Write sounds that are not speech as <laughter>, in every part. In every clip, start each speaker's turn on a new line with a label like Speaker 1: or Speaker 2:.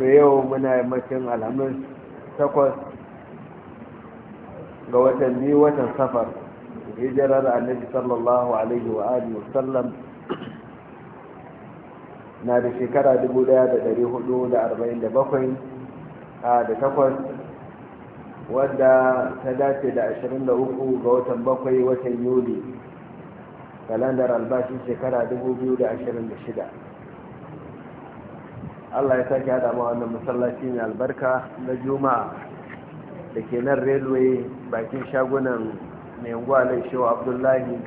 Speaker 1: to yau muna yammacin alhamis takwas ga watan biyu watan safar hijirar annabi sallallahu alaihi wa alihi wasallam na da shekara 1447 a da takwas wadda ta dace da 23 ga watan bakwai watan yuli kalandar albashin shekara 2026 Allah ya sake haɗa ma wannan masallaci ne albarka na juma'a da ke nan railway bakin shagunan mai na shehu abdullahi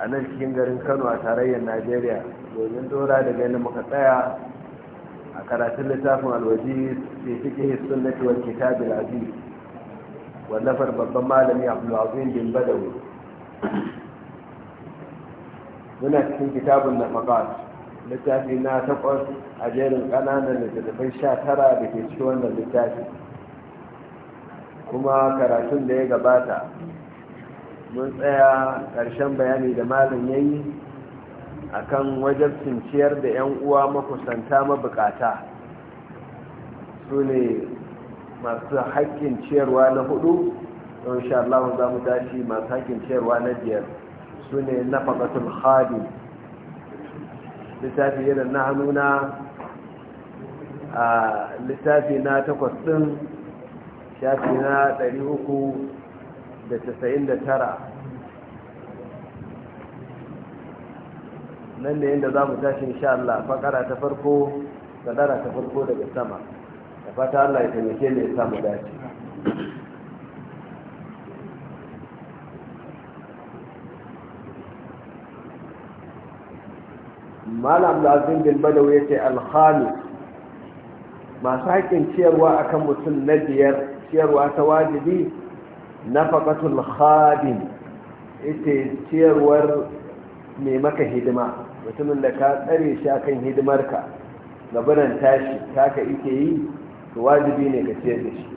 Speaker 1: a nan cikin garin kano a tarayyar najeriya domin dora da gani muka tsaya a karatun littafin alwaji suke fiƙe sunnati wal kitabil aziz wallafar babban malami abdulazim bin badawi muna cikin kitabun nafaqat littafi na takwas a jerin ƙananan littattafai sha tara da ke ci wannan littafi kuma karatun da ya gabata mun tsaya ƙarshen bayani da malin ya yi a kan ciyar da 'yan uwa makusanta mabukata su ne masu haƙƙin ciyarwa na hudu don sha Allah za mu dashi masu haƙƙin ciyarwa na biyar su ne na faƙatul littafi yana na hannuna a littafi na takwas ɗin shafi na ɗari uku da casa'in da tara nan ne inda za mu tashi insha Allah fakara ta farko tsadara ta farko daga sama da fata Allah ya taimake ne ya samu dace malam lazim bin badawi ya ce masu haƙin ciyarwa akan mutum na biyar ciyarwa ta wajibi na faƙatul khadim ita ciyarwar mai maka hidima mutumin da ka tsare shi akan hidimarka gabaran tashi taka ike yi to wajibi ne ga ciyar da shi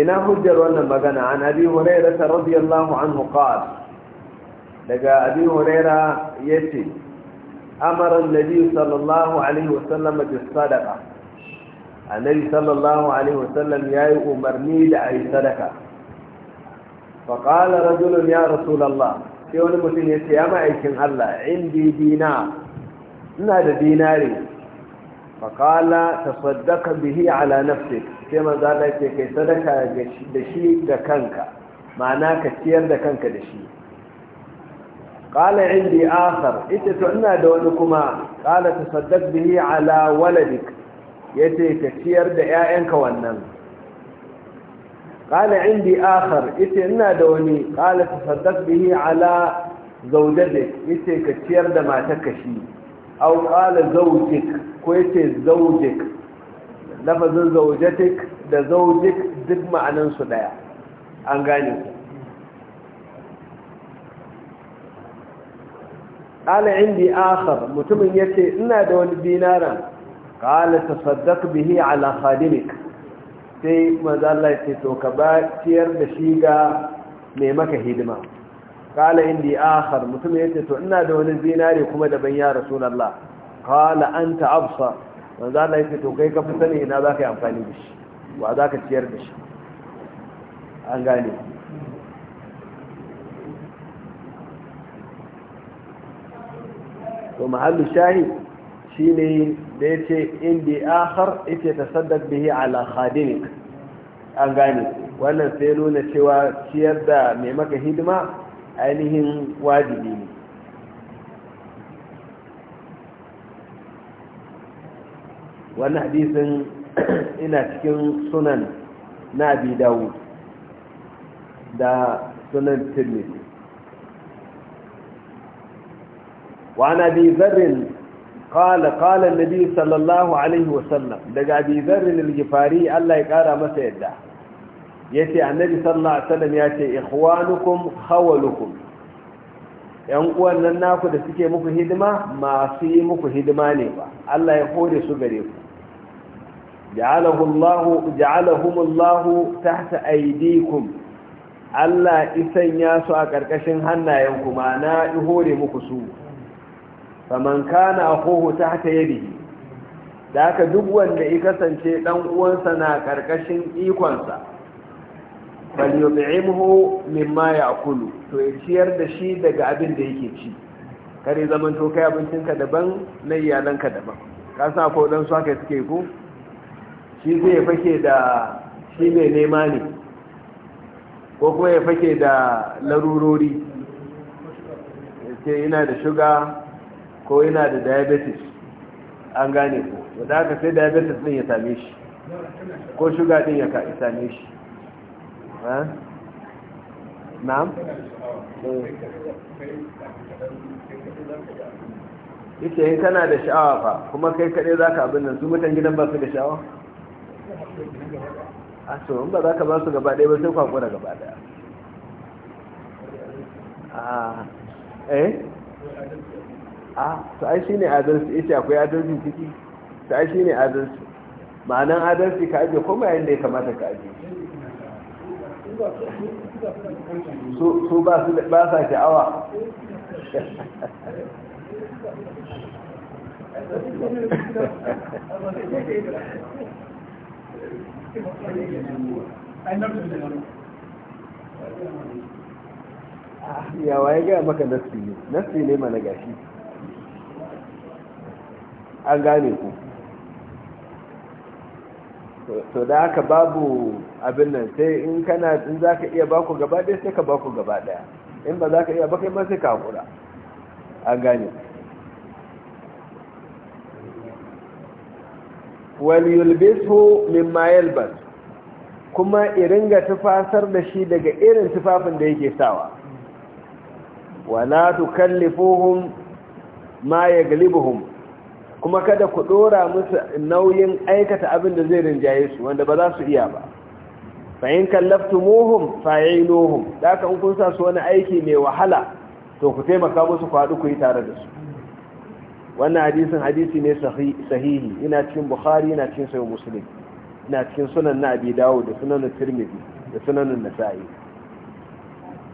Speaker 1: ina hujjar wannan magana an abi hurairah radiyallahu anhu qala daga abi huraira ya ce amaran sallallahu alaihi wasallam sadaka annabi sallallahu alaihi wasallam ya yi umarni da ayi sadaka faƙala rajulun ya rasulallah sai wani mutum ya ce ya aikin allah indi dina ina da dinari faƙala ta saddaka bihi ala nafsik sai maza ce kai sadaka da shi da kanka ma'ana ka ciyar da kanka da shi qala indi akhar ita to ina da wani kuma qala tasaddaq bihi ala waladik yace ka ciyar da ƴaƴanka wannan qala indi akhar ita ina da wani qala tasaddaq bihi ala ka ciyar da matarka shi aw qala zawjik ko yace zawjik lafazin zawjatik da zawjik duk ma'anansu su daya an gane ku qala indi akhar mutumin yace ina da wani dinaran qala tasaddaq bihi ala khadimik sai manzo Allah ka ba ciyar da shi ga mai maka hidima qala indi akhar mutumin yace to ina da wani dinari kuma daban ya rasulullah qala anta absar manzo Allah to kai ka fi sani ina zaka yi amfani da shi wa zaka ciyar da shi an gane to mahallu shahi shine da ya ce indi akhar ita ta saddaq bihi ala khadinik an gane wannan sai nuna cewa ciyar da mai maka hidima ainihin wajibi ne wannan hadisin <clears throat> ina cikin sunan na abi dawud da sunan tirmidhi وعن أبي ذر قال قال النبي صلى الله عليه وسلم دقى أبي ذر الجفاري الله يقارى مسيدة يتي النبي صلى الله عليه وسلم يتي إخوانكم خولكم yan uwan nan naku da suke muku hidima masu yi muku hidima ne ba Allah ya hore su gare ku ja'alahumullahu tahta aydikum Allah isanya su a ƙarƙashin hannayen ku ma na hore muku su faman kana akhuhu tahta yadihi da haka duk wanda ya kasance dan uwansa na karkashin ikonsa bal yut'imuhu mimma ya'kulu to ya ciyar da shi daga abin da yake ci kare zaman to kai ka daban na iyalanka daban ka sa ko dan su haka suke ku shi zai fake da shi mai nema ne ko kuma ya fake da larurori ce ina da shuga ko yana da diabetes an gane ko wadda aka sai diabetes din ya same shi ko shuga din ya same shi na'am
Speaker 2: ita eh. yin kana da sha'awa
Speaker 1: fa kuma kai kaɗai za ka abin nan su mutan gidan ba su da sha'awa a ah, so ba za ka ba su gaba ɗaya ba sai kwakwara gaba ɗaya a ah. eh a to ai shine adalci yace akwai adalci ciki to ai shine adalci ma'anan adalci ka aje kuma yayin da ya kamata ka aje
Speaker 2: so ba su ba sa sha'awa yawa
Speaker 1: <laughs> ya gaya maka nasi ne nasi ne gashi an gane ku to da haka babu abin nan sai in kana in za ka iya baku gaba ɗaya sai ka baku gaba ɗaya in ba za ka iya bakai ba sai ka haƙura an gane wani yulbisu min mayel bas kuma iringa tufasar da shi daga irin tufafin da yake sawa wala tukallifuhum ma yaglibuhum kuma kada ku dora musu nauyin aikata abin da zai rinjaye su wanda ba za su iya ba fa'in kallaftumuhum fa'iluhum da in kun sa su wani aiki mai wahala to ku taimaka musu ku haɗu ku yi tare da su wannan hadisin hadisi ne sahihi ina cikin bukhari ina cikin sahih muslim ina cikin sunan na abi dawo da sunan tirmidhi da sunan nasa'i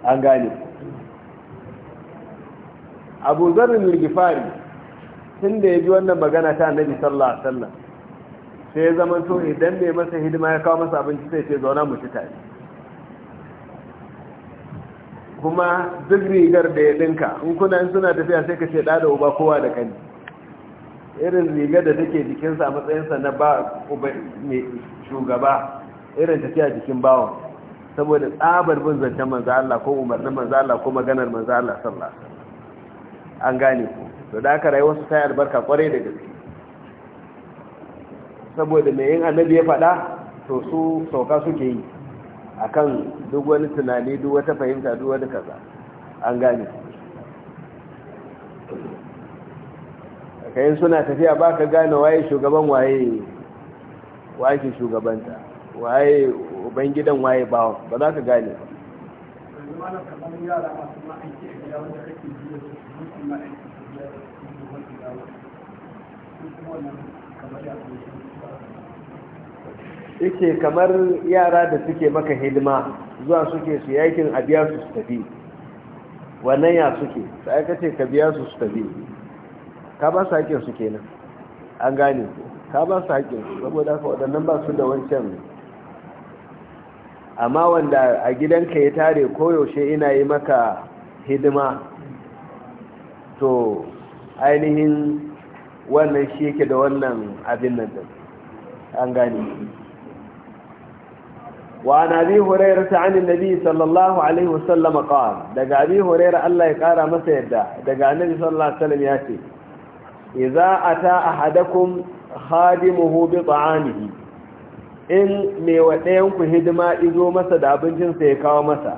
Speaker 1: an gane abu zarrin gifari tun da ya ji wannan magana ta annabi sallallahu alaihi wasallam sai ya zama to idan mai masa hidima ya kawo masa abinci sai ce zauna mu ci tare kuma duk rigar da ya dinka in kuna in suna tafiya sai ka ce da uba kowa da kani irin rigar da take jikinsa a matsayinsa na ba uba ne shugaba irin tafiya jikin bawan saboda tsabar bin zancen manzo Allah ko umarnin manzo Allah ko maganar manzo Allah sallallahu alaihi wasallam an gane ku to da aka rayu ta yi albarka kwarai da gaske saboda mai yin annabi ya faɗa to su sauka suke yi A kan duk wani tunani duk wata fahimta duk wani kaza an gane kayan suna tafiya ba ka gane waye shugaban waye waye shugabanta waye ubangidan waye bawan ba za ka gane ba yake kamar yara da suke maka hidima zuwa suke su yakin a biya su su tafi wannan ya suke sai ka ce ka biya su su tafi ka ba su haƙin su kenan an gane ka ba su haƙin su saboda ka waɗannan ba su da wancan amma wanda a gidanka ya tare koyaushe ina yi maka hidima to ainihin wannan shi yake da wannan abin nan da an gani wa an bi hurairu ta anin nabi sallallahu alaihi wasallam qala daga bi hurairu Allah ya kara masa yadda daga nabi sallallahu alaihi wasallam ya ce idza ata ahadakum khadimuhu bi ta'amihi in mai ku hidima izo masa da abincinsa ya kawo masa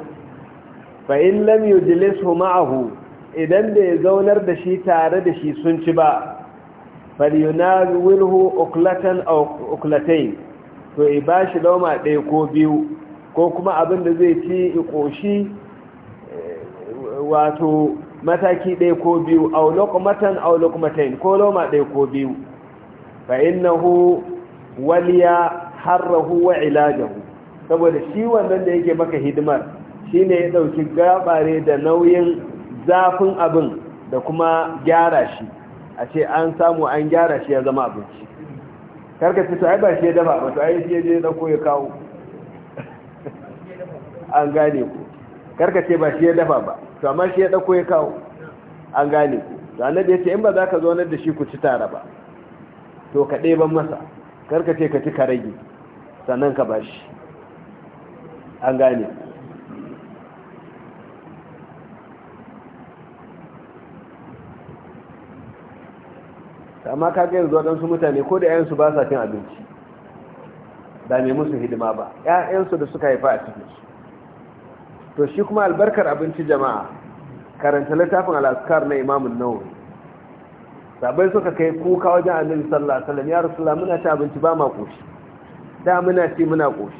Speaker 1: fa in lam yujlisu ma'ahu idan ya zaunar da shi tare da shi sun ci ba yunawilhu uklatan aw uklatayn to i bashi lauma ɗaya ko biyu ko kuma abin da zai ci i koshi wato mataki ɗaya ko biyu aw luqmatan aw luqmatayn ko lauma ɗaya ko biyu fa innahu waliya harrahu wa ilajahu saboda shi wannan da yake maka hidimar shine ya dauki gabare da nauyin zafin abin da kuma gyara shi a ce an samu an gyara shi ya zama abinci karka ce to ai ba shi ya dafa ba to ai shi ya je ko ya kawo <laughs> an gane ku karka ce ba shi ya dafa ba to amma shi ya ko ya kawo an gane ku to annabi ya ce in ba za ka zo nan da shi ku ci tare ba to ka ɗeban masa karka ce ka ci ka rage sannan ka bashi an gane amma kaga yanzu waɗansu mutane ko da 'yansu ba sa cin abinci ba mai musu hidima ba 'ya'yansu da suka haifa a cikinsu to shi kuma albarkar abinci jama'a karanta littafin al'askar na imamun nawawi sabai suka kai kuka wajen annabi sallallahu alaihi wasallam ya rasulullah muna ci abinci ba ma koshi da muna ce muna ƙoshi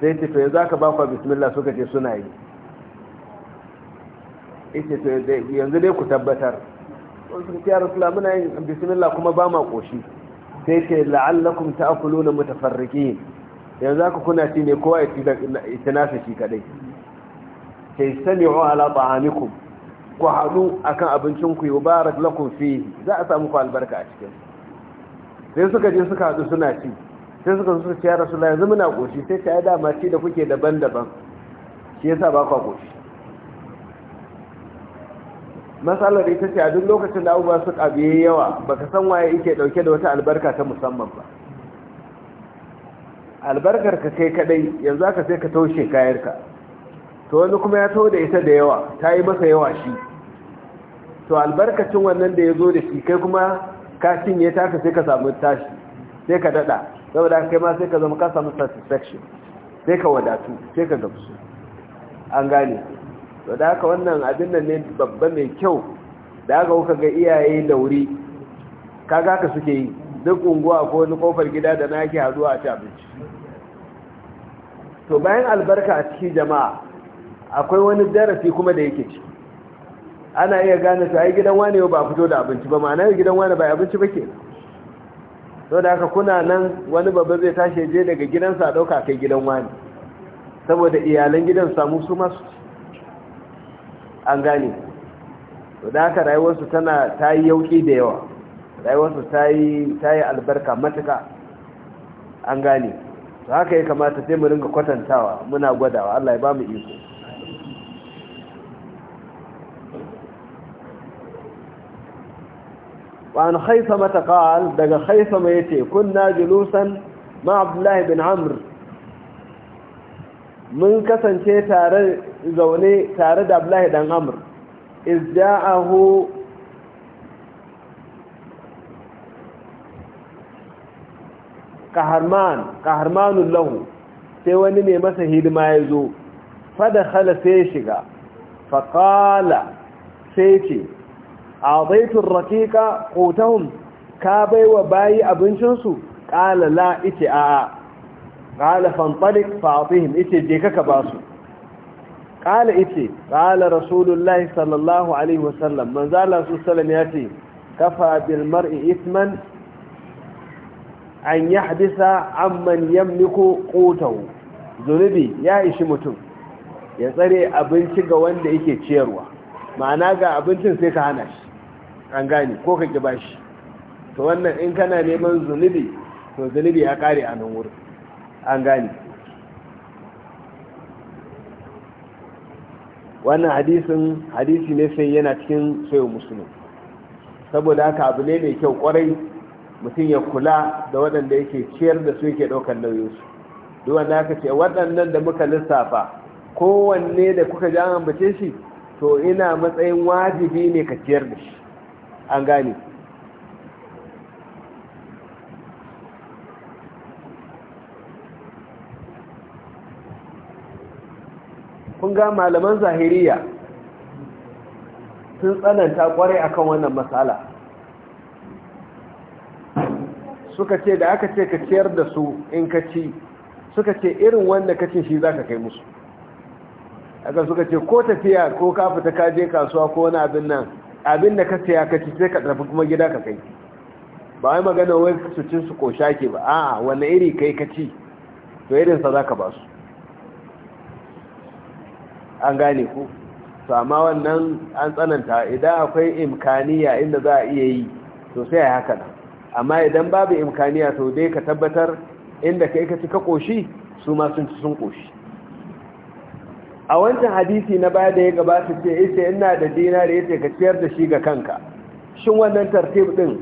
Speaker 1: sai ce to yanzu aka ba ku bismillah suka ce suna yi ce to yanzu dai ku tabbatar sun ce sula muna yin bismillah kuma ba ma ƙoshi sai ce la'allakum na mutafarriki yanzu aka kuna ci ne kowa ya ci nasa shi kadai sai wa ala ta'amikum ku haɗu akan abincin ku barak lakum fi za a samu ku albarka a cikin sai suka je suka haɗu suna ci sai suka suka ce ya rasulullah yanzu muna koshi sai ta yi dama ce da kuke daban-daban shi yasa ba kwa koshi matsalar ita ce a duk lokacin da abubuwa su ƙabiye yawa ba ka san waye ike ɗauke da wata albarka ta musamman ba albarkar ka kai kadai yanzu aka sai ka taushe kayarka to wani kuma ya tau da ita da yawa ta yi masa yawa shi to albarkacin wannan da ya zo da shi kai kuma ka cinye ta ka sai ka samu tashi sai ka daɗa. saboda kai ma sai ka zama ka samu satisfaction sai ka wadatu sai ka gamsu an gane to da haka wannan abin nan ne babba mai kyau da haka kuka ga iyaye da wuri kaga ka suke yi duk unguwa ko wani kofar gida da na yake hazuwa a ci abinci to bayan albarka a cikin jama'a akwai wani darasi kuma da yake ci ana iya gane to ai gidan wane ba fito da abinci ba ma'ana gidan wane ba abinci ba kenan so da aka kuna nan wani babba zai tashi je daga gidansa a ɗauka kai gidan wani saboda iyalan gidan samu su masu an gane so da haka rayuwarsu tana ta yi yauƙi da yawa rayuwarsu ta yi albarka matuka an gane to haka ya kamata sai mu ringa kwatantawa muna gwadawa Allah ya ba mu iso. وعن خيثمة قال دقى خيثمة يتي كنا جلوسا مع عبد الله بن عمرو من كسن شيء تارد زوني تارد عبد الله بن عمرو إذ جاءه كهرمان كهرمان له sai wani ne masa hidima ya zo fada khala shiga faƙala sai ce a baitun raƙiƙa kotahun ka bai wa bayi abincinsu ƙala la ice a'a ƙala fa fa'atihim ite je kaka ba su ƙala ite ƙala rasulullahi sallallahu alaihi wasallam manzala su salam ya ce kafa bil mar'i isman an yahdisa amman yamliku ƙotahu zunubi ya ishi mutum ya tsare abinci ga wanda yake ciyarwa ma'ana ga abincin sai ka hana shi an gane ko ka bashi to wannan in kana neman zunubi to zunubi ya kare a nan wurin an gane wannan hadisin hadisi ne sai yana cikin sayo musulun saboda haka abu ne mai kyau kwarai mutum ya kula da waɗanda yake ciyar da su yake ɗaukar nauyinsu duk wanda aka ce waɗannan da muka lissafa kowanne da kuka ja an shi to ina matsayin wajibi ne ka ciyar da shi an gane kun ga malaman zahiriya sun tsananta kwarai akan wannan matsala suka ce da aka ce ka ciyar da su in ka ci suka ce irin wanda ka shi za ka kai musu aka suka ce ko tafiya ko ka fita ka je kasuwa ko wani abin nan abin da ka saya ka ci sai ka tafi kuma gida ka kai ba wai magana wai su cin su ko ba a'a wani iri kai ka ci to irinsa za ka ba su an gane ku sama wannan an tsananta idan akwai imkaniya inda za a iya yi to sai a haka nan amma idan babu imkaniya to dai ka tabbatar inda kai ka ci ka koshi su ma sun ci sun koshi a wancan hadisi na baya da ya gabata ce ita ina da dinari yace ka ciyar da shi ga kanka shin wannan tartib din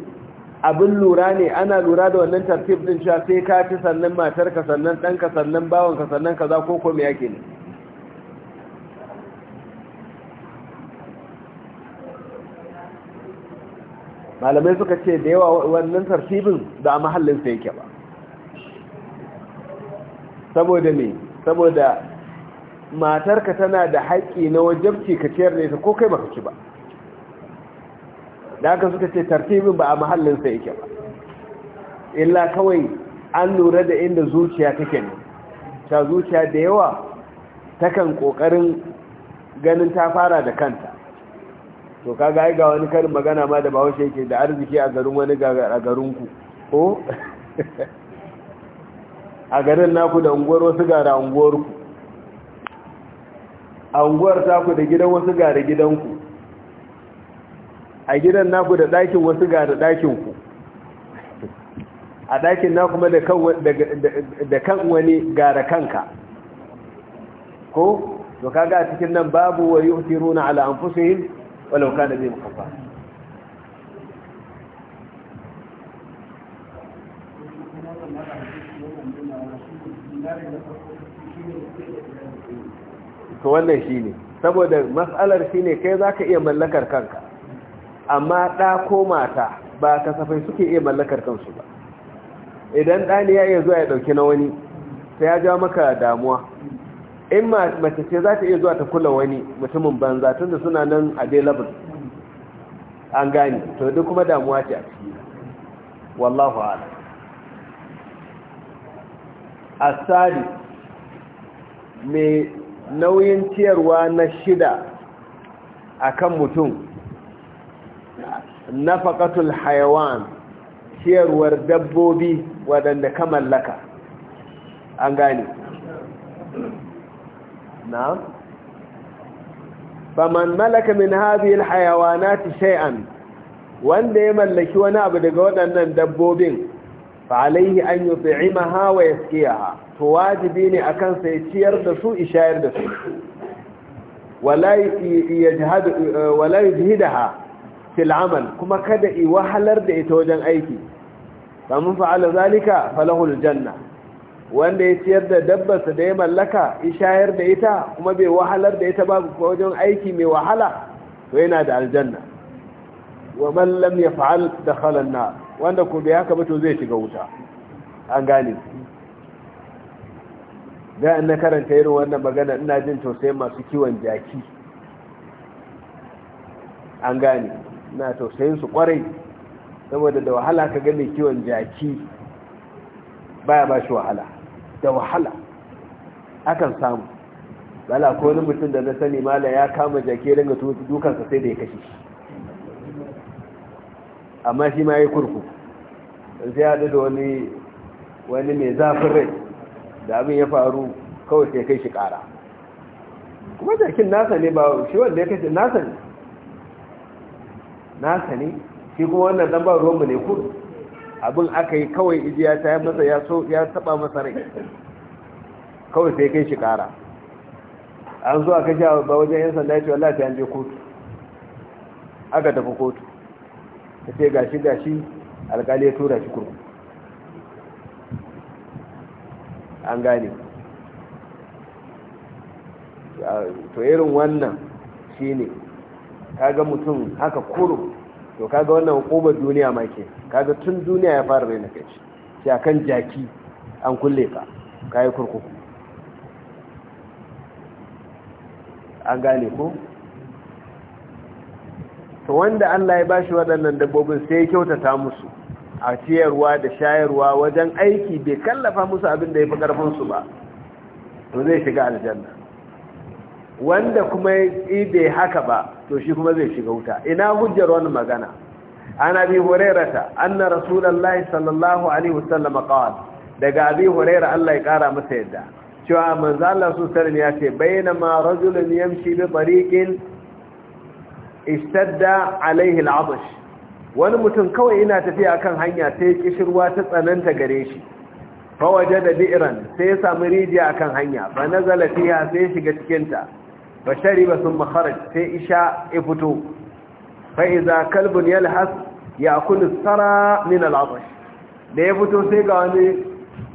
Speaker 1: abin lura ne ana lura da wannan tartib din cewa sai ka ci sannan matar ka, sannan ɗanka sannan ka, sannan kaza ko ko me yake ne malamai suka ce da yawa wannan tartibin da a mahallin sai yake ba saboda me saboda matarka tana da haƙƙi na wajabci ka ciyar da ita ko kai baka ci ba da haka suka ce tartibin ba a mahallinsa yake ba illa kawai an lura da inda zuciya take ne ta zuciya da yawa takan ƙoƙarin ganin ta fara da kanta to kaga ai ga wani karin magana ma da bahaushe yake da arziki a garin wani a garinku ko <laughs> a garin naku da unguwar wasu gara unguwarku anguwar taku da gidan wasu ga da gidanku a gidan naku da ɗakin wasu ga da ɗakinku a ɗakin na kuma da kan wani ga da kanka ko to kaga a cikin nan babu wa yu'thiruna ala anfusihim walau kana bihim khasasa Gracias. to wannan shi ne saboda matsalar shi ne kai za ka iya mallakar kanka amma ɗa ko mata ba kasafai suke iya mallakar kansu ba idan ɗani ya iya zuwa ya ɗauki na wani ta ya ja maka damuwa in mace ce za ta iya zuwa ta kula wani mutumin banza tun da suna nan a available an gani to duk kuma damuwa ce a ciki wallahu ala asali mai nauyin ciyarwa na shida a kan mutum faƙatul hayawan ciyarwar dabbobi waɗanda ka mallaka an gani na faman mallaka min na ta shay'an wanda ya mallaki wani abu daga waɗannan dabbobin fa alaihi an yi yut'imaha ya yaskiyaha to wajibi ne akan sai ciyar da su ishayar da su wala yujhidaha fil amal kuma kada i wahalar da ita wajen aiki kamun fa'ala zalika falahul wanda ya ciyar da dabbarsa da ya mallaka ishayar da ita kuma bai wahalar da ita ba wajen aiki mai wahala to yana da aljanna wa man lam yaf'al dakhala an-nar wanda ko bai haka ba to zai shiga wuta an gane da na karanta irin wannan magana ina jin tausayin masu kiwon jaki an gane na tausayin su kwarai saboda da wahala ka gane kiwon jaki baya ba shi wahala da wahala akan samu bala ko wani mutum da na sani mala ya kama jaki ringa dukansa sai da ya kashe shi amma shi ma ya kurku sai ya da wani wani mai zafin rai da abin ya faru kawai sai kai shi kara kuma jakin nasa ne ba shi wanda ya kashe nasa ne nasa ne shi kuma wannan dan ba ruwanmu ne kudu abin aka yi kawai ya ta masa ya so ya taba masa rai kawai sai kai shi kara an zuwa sha ba wajen yan sanda ya ce wallahi sai an je kotu aka tafi kotu ta ce gashi gashi alkali ya tura shi kurkuku an gane to irin wannan shi ne kaga mutum haka kuro to kaga wannan hukumar duniya ma ke kaga tun duniya ya fara raina kai shi kan jaki an kulle ka kayi kurkuku an gane ko to wanda Allah ya bashi waɗannan dabbobin sai ya kyautata musu a ciyarwa da shayarwa wajen aiki bai kallafa musu abin da ya fi ƙarfinsu ba to zai shiga aljanna wanda kuma yi bai haka ba to shi kuma zai shiga wuta ina hujjar wani magana an abi hurairata anna Rasulallah sallallahu alaihi wasallam qala daga abi huraira Allah ya kara masa yadda cewa manzo Allah su sallam ya ce ma rajulun yamshi bi tariqin ishtadda alaihi al'atash wani mutum kawai ina tafiya akan hanya sai kishirwa ta tsananta gare shi fawaje da bi'iran sai ya samu rijiya akan hanya fa nazala fiha sai shiga cikinta, ta fa shariba thumma kharaj sai isha ya fito fa idza kalbun yalhas ya'kulu sara min al'atash da ya fito sai ga wani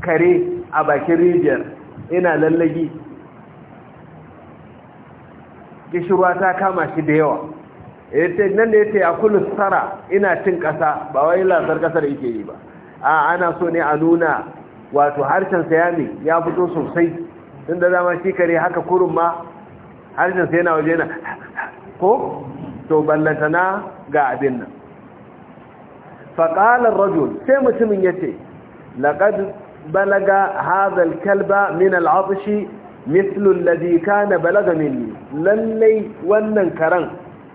Speaker 1: kare a bakin rijiyar ina lallagi kishirwa ta kama shi da yawa yace nan da yace akulu sara ina cin kasa ba wai lasar kasar yake yi ba a ana so ne a nuna wato harshen sa ya ya fito sosai tunda da shi kare haka kurun ma harshen sa yana waje na ko to ballantana ga abin nan faƙalar rajul sai mutumin yace ce balaga hazal kalba min al'afishi mithlu alladhi na balaga minni lallai wannan karen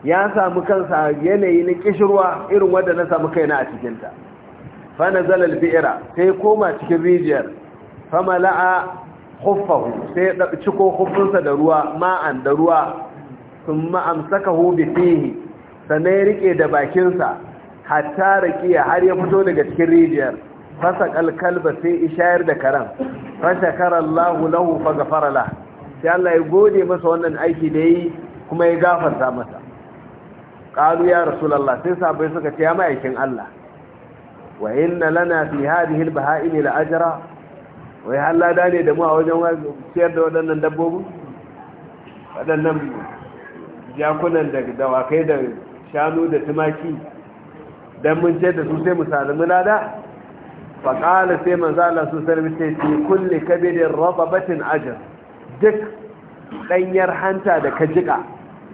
Speaker 1: ya samu kansa yanayi na kishirwa irin wadda na samu kaina a cikinta Fana-zalal-bi'ira sai koma cikin rijiyar Fama-la'a, huffahu sai ya ɗaɓi ciko khuffinsa da ruwa ma'an da ruwa thumma saka bi fihi sannan ya riƙe da bakinsa hatta ƙiya har ya fito daga cikin rijiyar fasa kalba sai shayar da karen. fasa karan Allahu lahu fa gafarala. sai Allah ya gode masa wannan aiki da yi kuma ya gafarta masa Ƙalu ya lalla sai sabai suka ce ya ma'aikin Allah wa inna lana fi hadhihi al-baha'im la ajra wai Allah da ne da mu a wajen ciyar da waɗannan dabbobi waɗannan jakunan da dawakai da shanu da tumaki dan mun ce da su sai mu salimi lada faƙala sai manzala su sarbice ce kulle kabirin rababatin ajin duk ɗanyar hanta da ka jiƙa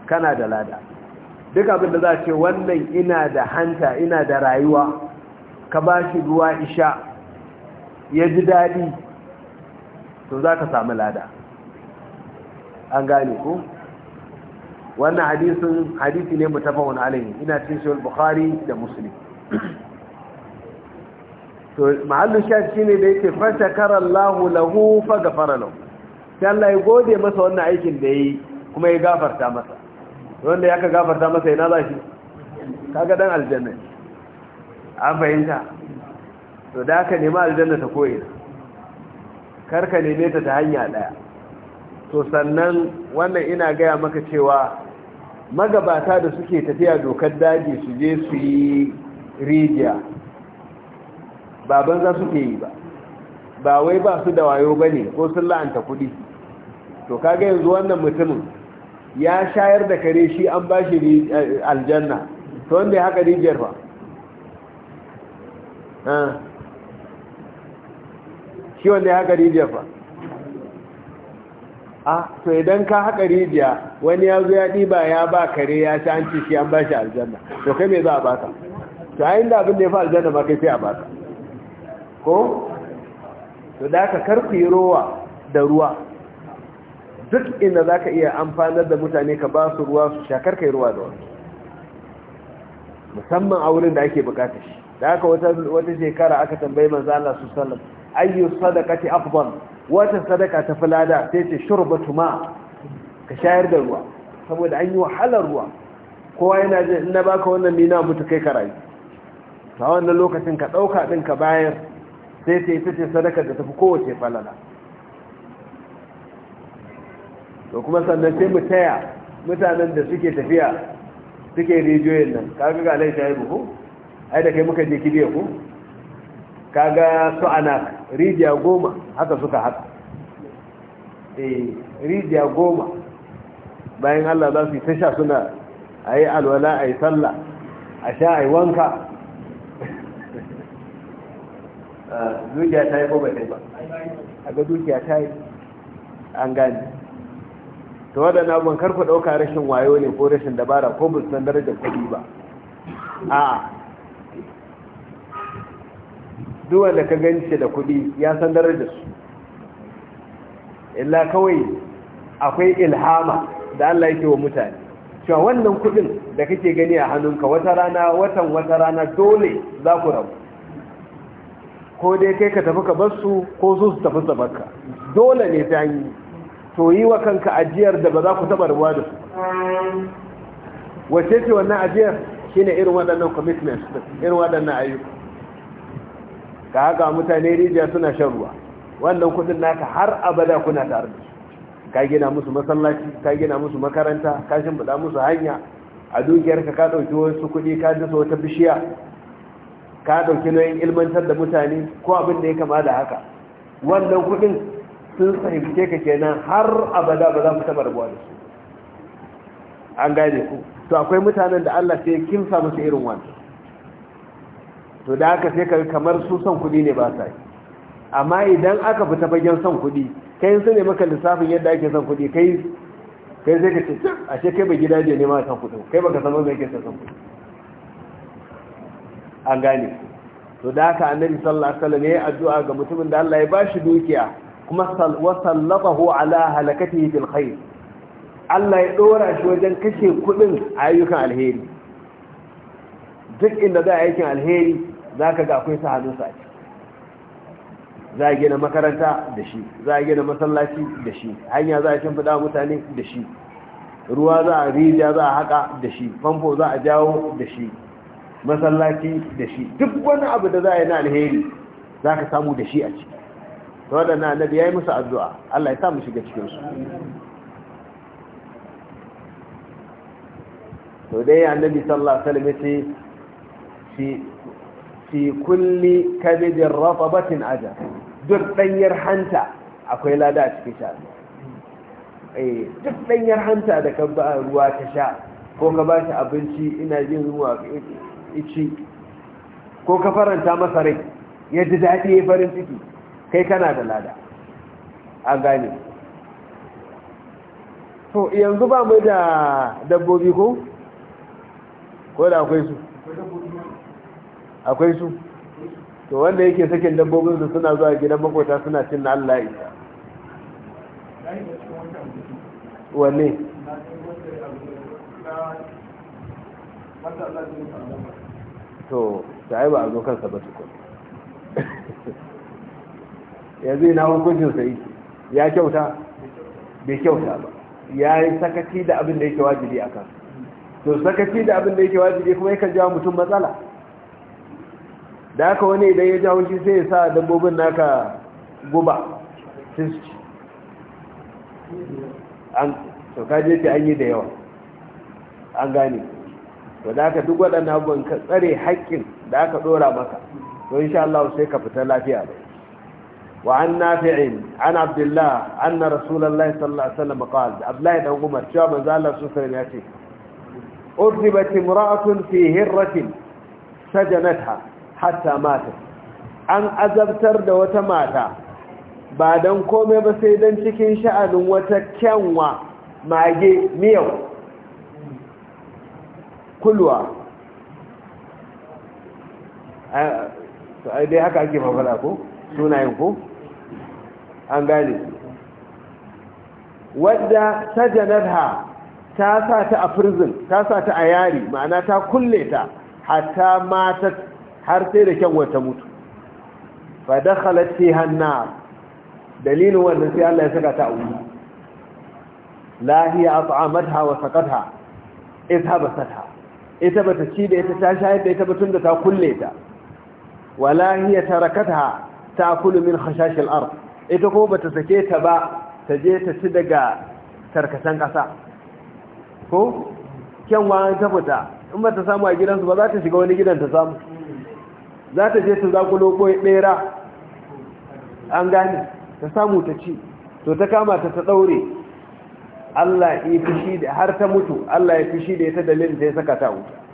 Speaker 1: kana da lada duk abin da za ce wannan ina da hanta ina da rayuwa ka ba shi ruwa isha ya ji daɗi to za ka sami lada an gane ku? wannan hadisun hadisi ne mu tafa wani alayhi ina cikin bukhari da muslim to ma'allu shafi ne da yake fata karar lahu fa gafara faralau, shi Allah ya gode masa wannan aikin da ya yi kuma ya gafarta masa wanda ya ka gafarta masa ina ba shi kaga dan aljanna an fahimta to da ka nema aljanna ta koyi kar ka neme ta ta hanya daya to sannan wannan ina gaya maka cewa magabata da suke tafiya dokar daji su je su yi rijiya baban za suke yi ba ba wai ba su da wayo ba ne ko sun la'anta kudi to kaga yanzu wannan mutumin ya shayar da kare shi an ba shi eh, aljanna to wanda ya haka rijiyar ba shi wanda ya haka rijiyar ba a to idan ka haka rijiya wani ya zo ya ɗiba ya ba kare ya sha an ci shi an ba shi aljanna to kai mai za a baka to a da abin da ya fi aljanna ba kai sai a baka ko to da ka karfi yi rowa da ruwa duk inda za ka iya amfanar da mutane ka ba su ruwa su shakar kai ruwa da wasu musamman a wurin da ake bukata shi da aka wata shekara aka tambayi manzo Allah su sallam ayyu sadaqati afdal wata sadaka ta fulada sai ce shurbatu ka shayar da ruwa saboda an yi wahalar ruwa kowa yana jin in baka wannan ni na mutu kai karayi a wannan lokacin ka ɗauka din ka bayar sai ce ita ce sadaka da tafi kowace falala to kuma sannan sai mu taya mutanen da suke tafiya suke rijiyoyin nan kaga ga laifin ya ku? ai da kai muka je kibiya ku kaga su ana rijiya goma haka suka haka eh rijiya goma bayan Allah za su yi tasha suna a yi alwala a yi sallah a sha a yi wanka <laughs> ah, dukiya ta yi ko bai ta yi ba a ga dukiya ta yi an gani to waɗanda abin karku ɗauka rashin wayo ne ko rashin dabara ko bu san darajar kuɗi ba a duk wanda ka ganci da kuɗi ya san darajar su illa kawai akwai ilhama da Allah yake wa mutane cewa wannan kuɗin da kake gani a hannunka wata rana watan wata rana dole za ku rabu ko dai kai ka tafi ka bar su ko su su tafi su barka dole ne ta yi to yi wa kanka ajiyar da ba za ku taɓa ruwa da su wace ce wannan ajiyar shine irin waɗannan commitment irin waɗannan ayyuka ka haka mutane rijiya suna shan ruwa wannan kudin naka har abada kuna tare da ka gina musu masallaci ka gina musu makaranta ka shimbiɗa musu hanya a dukiyarka ka ɗauki wasu kuɗi ka dasa wata bishiya ka ɗauki nauyin ilmantar da mutane ko abin da ya kama da haka wannan kuɗin sun fahimce ka kenan har abada ba za ku taba rabuwa da su an gane ku to akwai mutanen da Allah sai kimsa musu irin wannan to da aka sai kaga kamar su son kuɗi ne ba sa yi amma idan aka fita fagen son kuɗi kai sun ne maka lissafin yadda ake son kuɗi kai kai sai ka ce ce kai bai gidaje ne ma son kuɗi kai baka san me yake son kuɗi an gane ku. to da haka annabi sallallahu alaihi wasallam ya yi addu'a ga mutumin da Allah ya bashi dukiya kuma wasallatahu ala halakatihi fil khair Allah ya dora shi wajen kashe kudin ayyukan alheri duk inda za a aikin alheri zaka ga akwai sahanin sa za a gina makaranta da shi za a gina masallaci da shi hanya za a shimfida mutane da shi ruwa za a rijiya za a haka da shi famfo za a jawo da shi masallaci da shi duk wani abu da za a yi na alheri za ka samu da shi a ciki da waɗannan annabi ya yi musu addu'a Allah ya sa mu shiga cikinsu to dai annabi sallallahu alaihi wasallam ce fi kulli kabidin rafabatin aja duk ɗanyar hanta akwai lada a cikin sha eh, duk ɗanyar hanta da ka ba ruwa ta sha ko ka ba shi abinci ina jin ruwa ici ko ka faranta masa rai ya ji daɗi farin ciki kai kana da lada a gane to yanzu ba mu da dabbobi ko ko da akwai su akwai su to wanda yake sakin dabbobin su suna zuwa gidan makota suna cin na Allah isa wanne to da yi ba a zo kansa ba tukun <laughs> yanzu yana hukuncin sa ya kyauta bai kyauta ba ya yi sakaci da abin da yake wajibi a kan to sakaci da abin da yake wajibi kuma yakan jawo mutum matsala da haka wani idan ya jawo shi sai ya sa dabbobin naka guba fiski an saukaje ta an yi da yawa an gane to da haka duk waɗannan abubuwan ka tsare haƙƙin da aka ɗora maka to insha Allah sai ka fita lafiya bai وعن نافع عن عبد الله أن رسول الله صلى الله عليه وسلم قال عبد الله بن عمر شو من زال صلى الله عليه وسلم أرتبت امرأة في هرة سجنتها حتى ماتت أن أزبتر دوت ماتا بعد أن قوم بسيدا شكين شأن وتكوى يجي ميو كلها dai haka ake mafada ko sunayen ko an gane wadda ta sajanarha ta sa ta a prison ta sa ta a yari ma'ana ta kulle ta hatta mata har sai da kyan wata mutu fa da fiha hannu dalilin wannan sai Allah ya saka ta a wuta la hiya at'amatha wa saqatha izhabasatha ita bata ci da ita ta shayar da ita tun da ta kulle ta wala hiya tarakatha ta kulu min hashashil ard ita ko bata sake ta ba ta je ta ci daga tarkacen ƙasa ko kyanwa ta fita in ba ta samu a gidansu ba za ta shiga wani gidan ta samu za ta je ta zakulo ɗera? an gane ta samu ta ci to ta kama ta ta ɗaure Allah ya fi shi da har ta mutu Allah ya fi shi da ya ta dalilin da ya saka ta wuta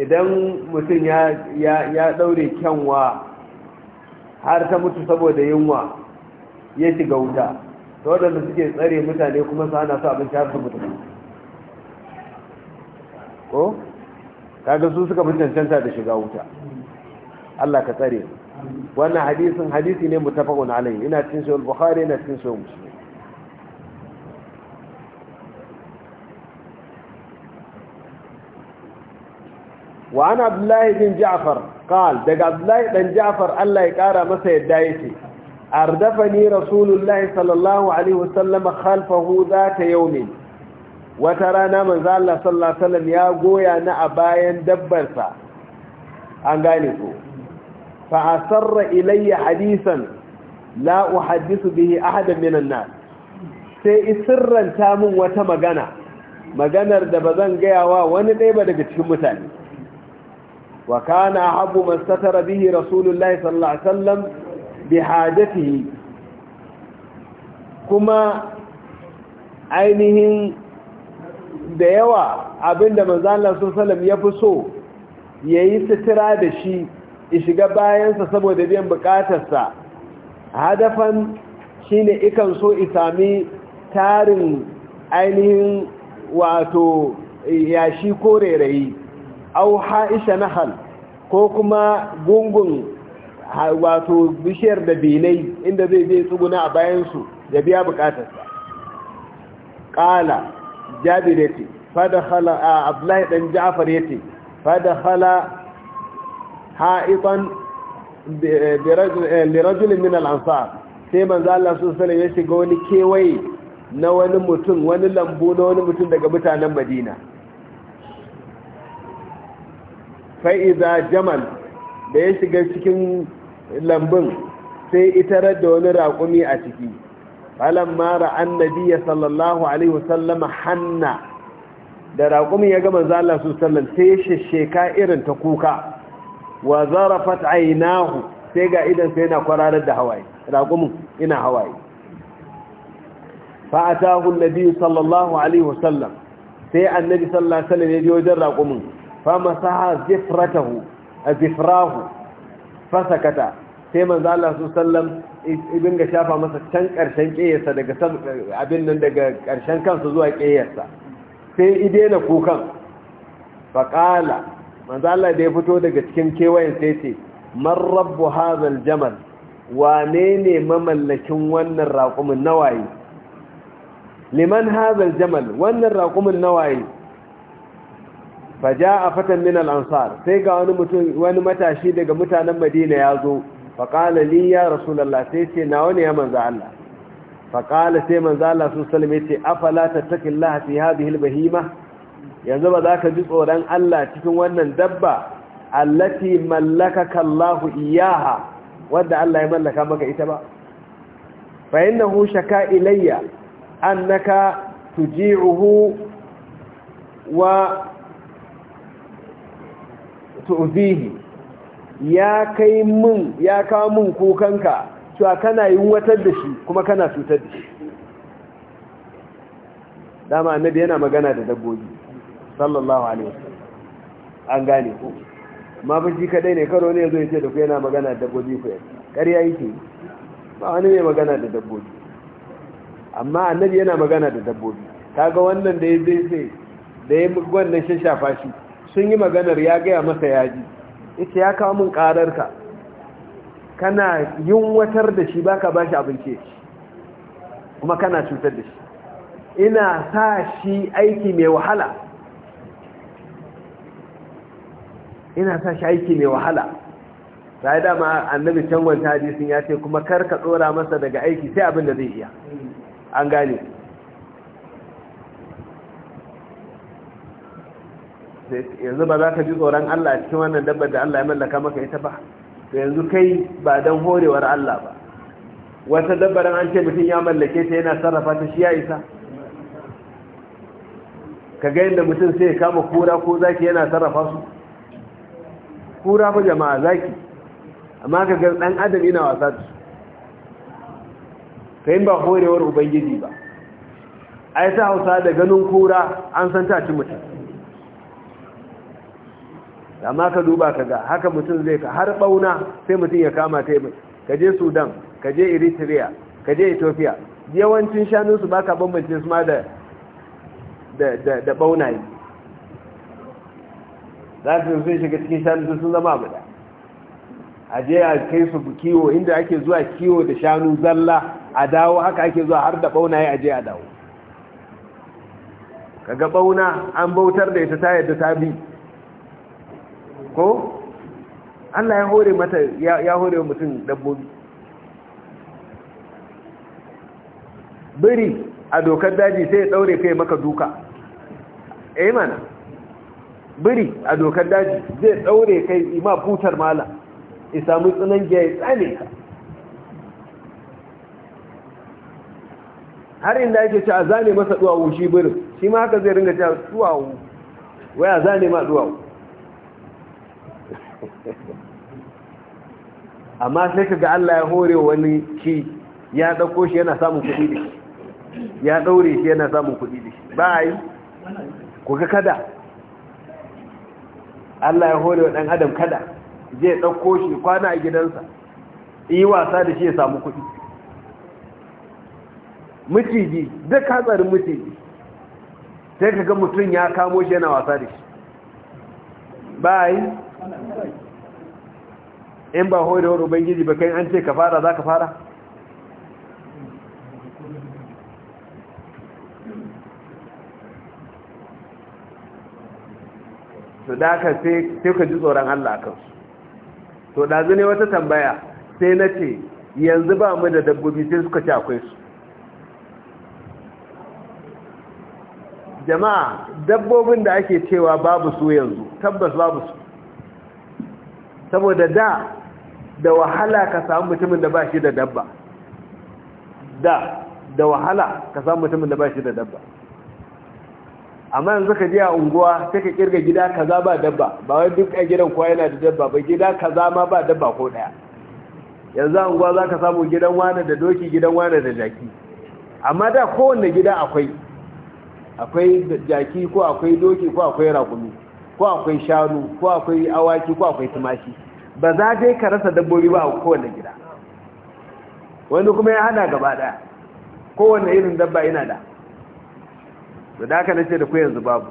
Speaker 1: idan mutum ya daure kyanwa har ta mutu saboda yunwa ya shiga wuta ta waɗanda suke tsare mutane kuma su hana su abinci har su mutu ko kaga su suka fi cancanta da shiga wuta Allah ka tsare wannan hadisun hadisi ne mutafakun alayi ina cin shi al-bukhari ina cin shi muslim wa ana abdullahi bin ja'far qal daga abdullahi dan ja'far Allah ya kara masa yadda yake ardafani rasulullahi sallallahu alaihi wasallam khalfahu zata yawmin wata rana manzal Allah sallallahu alaihi wasallam ya goya na a bayan sa, an gane ko fa asarra ilayya hadisan la uhaddisu bihi ahadan minan nas sai isirranta min wata magana maganar da bazan gaya wa wani dai ba daga cikin mutane وكان أحب من ستر به رسول الله صلى الله عليه وسلم بحاجته كما ainihin da yawa abinda manzalar sosalam ya fi so ya yi sutura da shi i shiga bayansa saboda biyan bukatarsa hadafan shine ikan so isami tarin ainihin wato yashi ko rairayi au ha'isha nahal ko kuma gungun wato bishiyar da benai inda zai zai tsuguna a bayansu da biya bukatarsa ƙala jabir ya ce fadakhala abdullahi dan ja'far ya ce fadakhala ha'itan eh, lirajulin min al'ansar sai manzo Allah sun sallama ya shiga wani kewaye na wani mutum wani lambu na wani mutum daga mutanen Madina fa'iza jamal da ya shiga cikin lambun sai itar da wani raƙumi a ciki falon mara annabiya sallallahu alaihi wasallama hanna da raƙumi ya gama zala su sallam sai ya shesheka irin ta kuka wa zarafat hu sai ga idan sai na kwararar da hawaye raƙumin ina hawaye fa'atahu nabi sallallahu alaihi wasallam sai annabi sallallahu alaihi wasallam ya ji wajen raƙumin famasaha zifratahu zifrahu fasakata sai manzo Allah su sallam ibin ga shafa masa can karshen kiyarsa daga abin nan daga karshen kansa zuwa kiyarsa sai idena kukan faqala manzo Allah da ya fito daga cikin kewayen sai ce man rabbu hadhal jamal wane ne mamallakin wannan raƙumin nawayi liman hadhal jamal wannan raƙumin nawaye faja a fatan Minal Ansar, sai ga wani mutum wani matashi daga mutanen madina ya zo faƙala li ya rasulallah sai ce na wani ya manza Allah faƙala sai manza Allah su ce afala ta takin lahafi haɗi hilbahima yanzu ba za ka ji tsoron Allah cikin wannan dabba allati mallaka kallahu iyaha wadda Allah ya mallaka maka ita ba fa innahu shaka ilayya annaka tuji'uhu wa tu'zihi ya kai mun ya kawo mun kukanka cewa kana yin watar da shi kuma kana cutar da shi dama annabi yana magana da dabbobi sallallahu alaihi wasallam an gane ku ma ba shi kadai ne karo ne zo ya ce da ku yana magana da dabbobi ku ƙarya yake ba wani mai magana da dabbobi amma annabi yana magana da dabbobi kaga wannan da ya sai da ya wannan shashafa shi sun yi maganar ya gaya masa ji, ita ya kawo min ƙararka kana yunwatar da shi baka ba shi abinci kuma kana cutar da shi ina sa shi aiki mai wahala ina sa shi aiki mai wahala sai dama annabi can wanta hadisin ya ce kuma kar ka tsora masa daga aiki sai abin da zai iya an gane yanzu ba za ka ji tsoron Allah cikin wannan dabbar da Allah ya mallaka maka ita ba to yanzu kai ba dan horewar Allah ba wata dabbar an ce mutum ya mallake ta yana sarrafa ta shi ya isa ka ga yadda mutum sai ya kama kura ko zaki yana sarrafa su kura ko jama'a zaki amma ka ga dan adam ina wasa da su kai ba horewar ubangiji ba ai ta hausa da ganin kura an san ta ci mutum amma ka duba ka ga haka mutum zai ka har bauna sai mutum ya kama ta ka je sudan ka je eritrea ka je ethiopia yawancin shanunsu ba ka bambance su ma da da yi za su sun shiga cikin shanu sun zama abu da a je a kai su kiwo inda ake zuwa kiwo da shanu zalla a dawo haka ake zuwa har da yi a je a dawo kaga bauna an bautar da ita ta yadda ta bi ko Allah ya hore mata ya hore wa mutum dabbobi biri a dokar daji sai ya daure kai maka duka eh mana biri a dokar daji zai daure kai ima putar mala ya samu tsinan giya ya tsane ka har inda yake ci a zane masa duwawu shi birin shi ma haka zai ringa a duwawu waya zane ma duwawu amma sai ka ga Allah ya hore wani ki ya dauko shi yana samun kuɗi da shi ya daure shi yana samun kuɗi da shi ba yi ku ga kada Allah ya hore wa ɗan adam kada zai dauko shi kwana a gidansa yi wasa da shi ya samu kuɗi miciji duk hatsarin miciji sai ka ga mutum ya kamo shi yana wasa da shi ba yi in ba hoyi da wani ubangiji ba kai an ce ka fara za ka fara su daga sai ka ji tsoron Allah kansu to ɗazu ne wata tambaya sai na ce yanzu ba mu da dabbobi sai suka ci akwai su jama'a dabbobin da ake cewa babu su yanzu tabbas babu su saboda da da wahala ka samu mutumin da ba shi da dabba da da wahala ka samu mutumin da ba shi da dabba amma yanzu ka je a unguwa sai ka kirga gida kaza ba dabba ba wai duk a gidan kowa yana da dabba ba gida kaza ma ba dabba ko daya yanzu a unguwa za ka samu gidan wane da doki gidan wane da jaki amma da kowane gida akwai akwai jaki ko akwai doki ko akwai rakumi ko akwai shanu ko akwai awaki ko akwai tumaki ba za dai ka rasa dabbobi ba a kowane gida wani kuma ya hada gaba daya kowane irin dabba yana da da daga nace da ku yanzu babu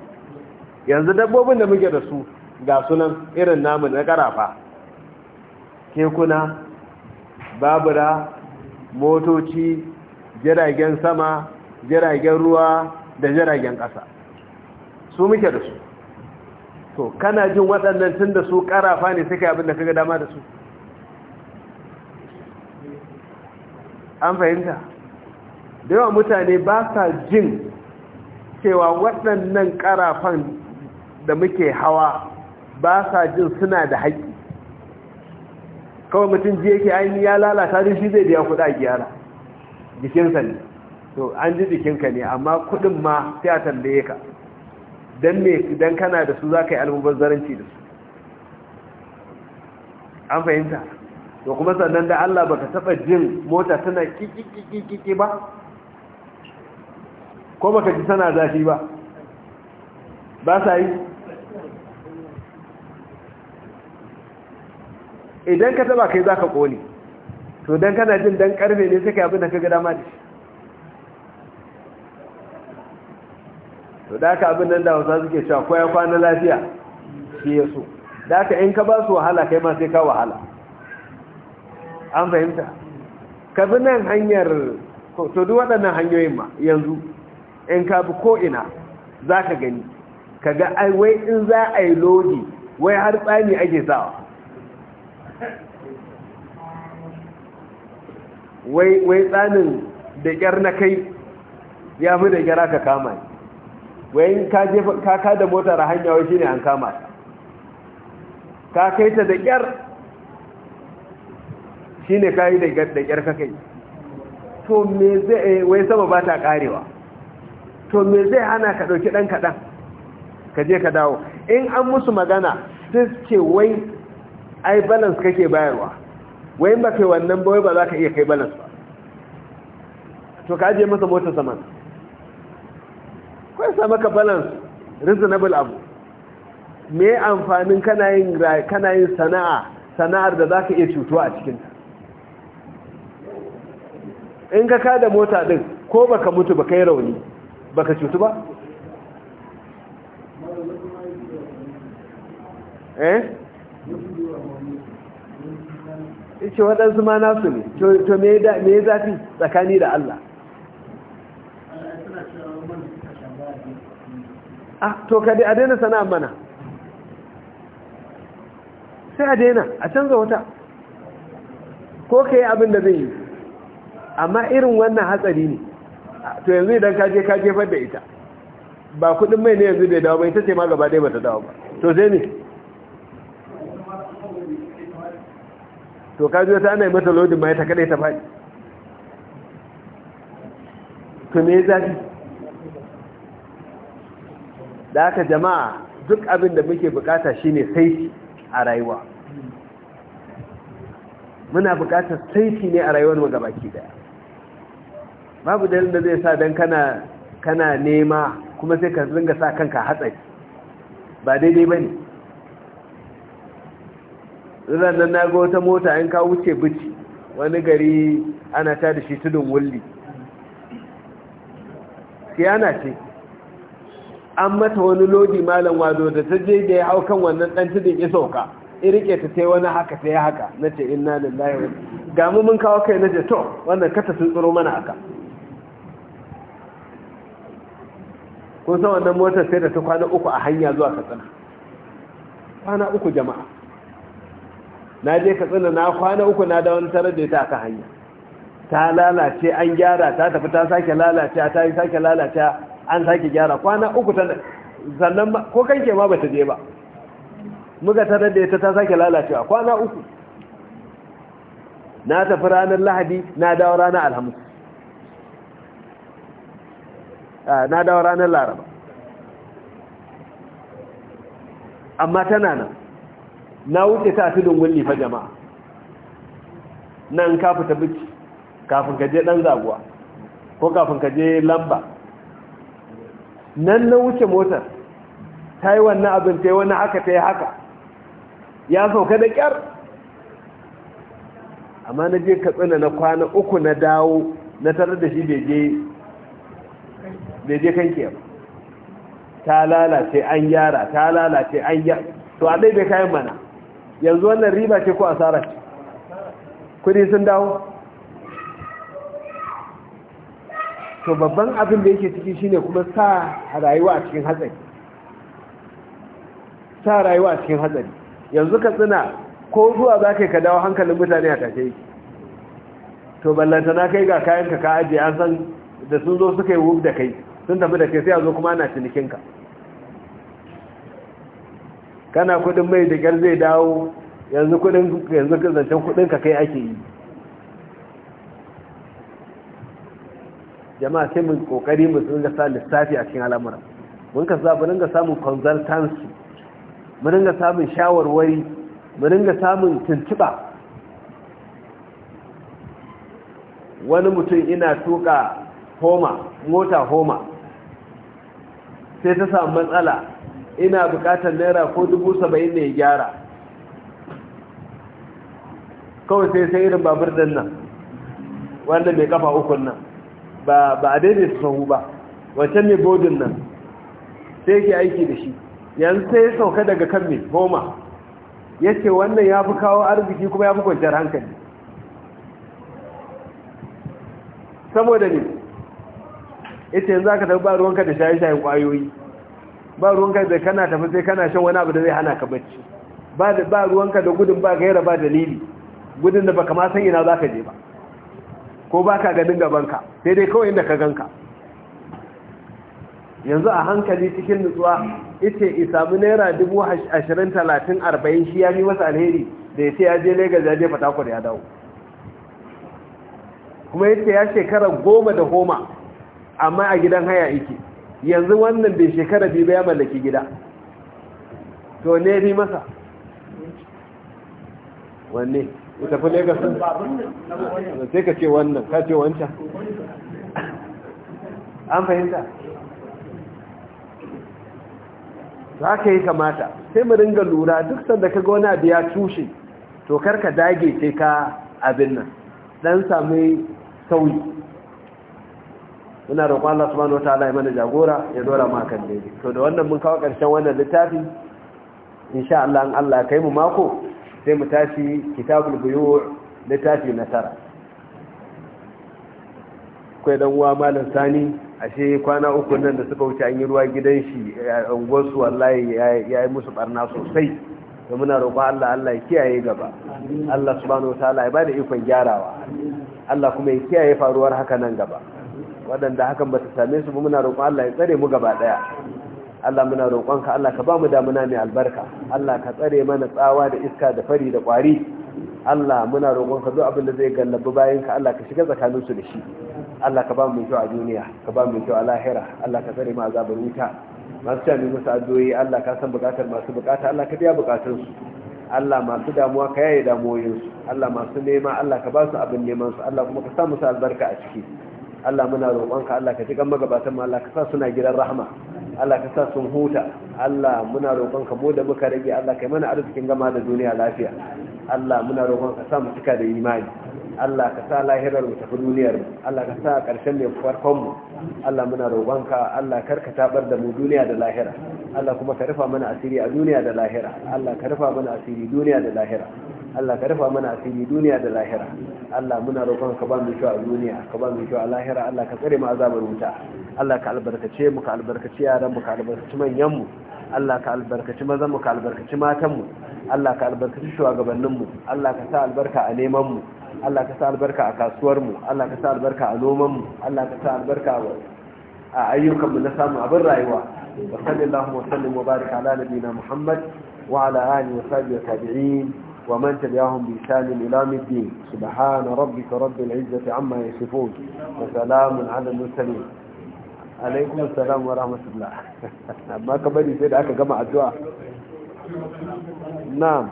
Speaker 1: yanzu dabbobin da muke da su ga sunan irin namu na karafa kekuna babura motoci jiragen sama jiragen ruwa da jiragen ƙasa su muke da su to kana jin waɗannan tun da su ƙarafa ne suke abin da kaga dama da su an fahimta da yawa mutane ba sa jin cewa waɗannan ƙarafan da muke hawa ba sa jin suna da haƙƙi kawai mutum ji yake ainihi ya lalata da shi zai biya kuɗa a gyara jikinsa ne to an ji jikinka ne amma kuɗin ma sai a tambaye ka dan me dan kana da su ka yi almubazzaranci da su an fahimta to kuma sannan da Allah baka taba jin mota tana kikikikiki ba ko baka ji tana zafi ba ba sa yi idan ka taba kai zaka kone to dan kana jin dan karfe ne sai ka abin da ka gada dama da shi da haka abin nan da wasa suke cewa ko ya kwana lafiya shi ya so da haka in ka ba su wahala kai ma sai ka wahala an fahimta ka bi nan hanyar to duk waɗannan hanyoyin ma yanzu in ka bi ko'ina za ka gani ka ga wai in za a yi lodi wai har tsani ake sawa wai tsanin da ƙyar na kai ya fi da ƙyar aka kama ne wayan ka jefa ka kada motar a hanya wai shine an kama ka kai ta da kyar shine kai da da kyar ka kai to me zai eh, wai sama ba ta karewa to me zai hana ka dauki dan kaɗan? ka je ka dawo in an musu magana sai ce wai ai balance kake bayarwa wai ba kai wannan ba wai ba za ka iya kai balance ba to ka je masa motar zaman. akwai sa maka balance reasonable abu me amfanin kana yin sana'a sana'ar da zaka iya cutuwa a cikin in ka kada mota din ko baka mutu baka yi rauni baka cutu ba eh ce waɗansu ma nasu ne to me zafi tsakani da Allah Ah, to ka dai a daina sana'a mana sai a daina a canza wata ko ka yi abin da zai yi amma irin wannan hatsari ne to yanzu idan ka je ka jefar da ita ba kudin mai ne yanzu bai dawo ba ita ce ma gaba dai ba ta dawo ba to sai ne to ka zo ta ana yi mata lodin ma ya ta kaɗai ta faɗi to me zafi da haka jama'a duk abin da muke bukata shine saiti a rayuwa muna bukatar saiti ne a rayuwar mu gabaki daya babu dalilin da zai sa dan kana kana nema kuma sai ka ringa sa kanka hatsari ba daidai bane zan na ga wata mota in ka wuce bici wani gari ana ta da shi tudun wulli siyana ce an mata wani lodi malam wado da ta je da ya hau kan wannan dan tudin ya sauka in rike ta sai wani haka sai haka na ce inna lillahi wa ga mu mun kawo kai na je to wannan kata sun tsoro mana haka kun san wannan motar sai da ta kwana uku a hanya zuwa katsina kwana uku jama'a na je katsina na kwana uku na da wani tarar da ita aka hanya ta lalace an gyara ta tafi ta sake lalace ta yi sake lalace an sake gyara kwana uku ta sannan ko kanke ma bata je ba muka ta da ita ta sake lalacewa kwana uku na tafi ranar lahadi na dawo ranar alhamis na dawo ranar laraba amma tana nan na wuce ta fi dungun fa jama'a nan kafin ta bici kafin ka je dan zaguwa ko kafin ka je lamba nan na wuce motar ta yi wannan abin ta yi wani haka ta yi haka ya sauka da kyar amma na je katsina na kwana uku na dawo na tarar da shi je kanke ba ta lalace an gyara ta lalace an gyara to a ɗai bai kayan mana yanzu wannan riba ce ko asara ce kudi sun dawo to babban abin da yake ciki shine kuma sa rayuwa a cikin hatsari sa rayuwa a cikin hatsari yanzu ka tsina ko zuwa za ka dawo hankalin mutane a tashe to ballanta na kai ga kayanka ka ajiye an san da sun zo suka yi wuf da kai sun tafi da kai sai a zo kuma ana cinikinka kana kudin mai da zai dawo yanzu kudin yanzu kudin ka kai ake yi jama'a sai mu kokari mu dinga sa lissafi a cikin al'amura mun ka sa mu dinga samun consultancy mu dinga samun shawarwari mu dinga samun tuntuba wani mutum ina tuka homa mota homa sai ta samu matsala ina bukatar naira ko dubu saba'in ne ya gyara kawai sai sai irin babur din nan wanda mai kafa ukun nan ba a daidaita sahu ba wancan ne bodin nan sai ke aiki da shi yanzu sai ya sauka daga kan mai goma ya ce wannan ya fi kawo arziki kuma ya fi kwanciyar hankali saboda ne ya ce yanzu aka tafi ba ruwanka da shaye-shayen kwayoyi ba ruwanka da kana tafi sai kana shan wani abu da zai hana ka bacci ba ruwanka da gudun ba gaira ba dalili gudun da baka ma san ina za ka je ba ko ba ka ganin gabanka sai dai kawai inda ka gan ka. yanzu a hankali cikin nutsuwa ita sami naira dubu ashirin talatin arba'in shi ya yi masa alheri da ya ce ya je lagos ya je fatakwar ya dawo kuma ce ya shekara goma da homa amma a gidan haya ike yanzu wannan bai shekara biyu ba ya mallaki gida to ne bi masa wanne ku tafi Legas sai ka ce wannan ka ce wancan an fahimta za ka yi kamata sai mu ringa lura duk sanda ka ga wani abu ya tushe to kar ka dage ce ka abin nan dan sami sauyi muna roƙon Allah subhanahu wataala ya mana jagora ya dora mu kan daidai to da wannan mun kawo ƙarshen wannan littafi insha Allah in Allah ka kai mu mako sai mu tashi kitabul buyu da na tara kai dan uwa malam sani ashe kwana uku nan da suka wuce an yi ruwa gidan shi unguwarsu wallahi ya yi musu barna sosai da muna roƙon Allah Allah ya kiyaye gaba Allah subhanahu wataala ya bada ikon gyarawa Allah kuma ya kiyaye faruwar haka nan gaba waɗanda hakan ba ta same su ba muna roƙon Allah ya tsare mu gaba ɗaya Allah muna roƙonka Allah ka ba mu damuna mai albarka Allah ka tsare mana tsawa da iska da fari da ƙwari Allah muna roƙonka duk abin da zai gallabi bayanka Allah ka shiga tsakanin su da shi Allah ka ba mu kyau a duniya ka ba mu kyau a lahira Allah ka tsare mu azabar wuta masu cewa musu addu'o'i Allah ka san buƙatar masu buƙata, Allah ka biya bukatunsu Allah masu damuwa ka yaye damuwoyinsu Allah masu nema Allah ka ba su abin neman su Allah kuma ka sa musu albarka a ciki Allah muna roƙonka Allah ka ji kan magabatan mu Allah ka sa suna gidan rahama Allah ka sa sun huta Allah muna roƙon ka muka rage Allah kai mana arzikin gama da duniya lafiya Allah muna roƙon ka sa mu cika da imani Allah ka sa lahirar mu tafi duniyar mu Allah ka sa ƙarshen mai farkon mu Allah muna roƙon ka Allah kar ka tabar da mu duniya da lahira Allah kuma ka rufa mana asiri a duniya da lahira Allah ka rufa mana asiri duniya da lahira Allah ka rufa mana asiri duniya da lahira Allah muna roƙon ka ba mu kyau a duniya ka ba mu kyau a lahira Allah ka tsare mu azabar wuta Allah ka albarkace mu ka albarkaci yaran mu ka albarkaci manyan mu Allah ka albarkaci mazan mu ka albarkaci matan mu Allah ka albarkaci shugabannin mu Allah ka sa albarka a neman mu Allah ka sa albarka a kasuwar mu Allah ka sa albarka a noman mu Allah ka sa albarka a ayyukan mu na samu abin rayuwa wa sallallahu wa sallam wa baraka ala nabiyina Muhammad وعلى آله وصحبه وتابعين ومن تبعهم بإحسان إلى الدين سبحان ربك رب العزة عما يصفون وسلام على المرسلين عليكم السلام ورحمة الله <laughs> ما كبري سيد أكا جمع الدعاء
Speaker 2: نعم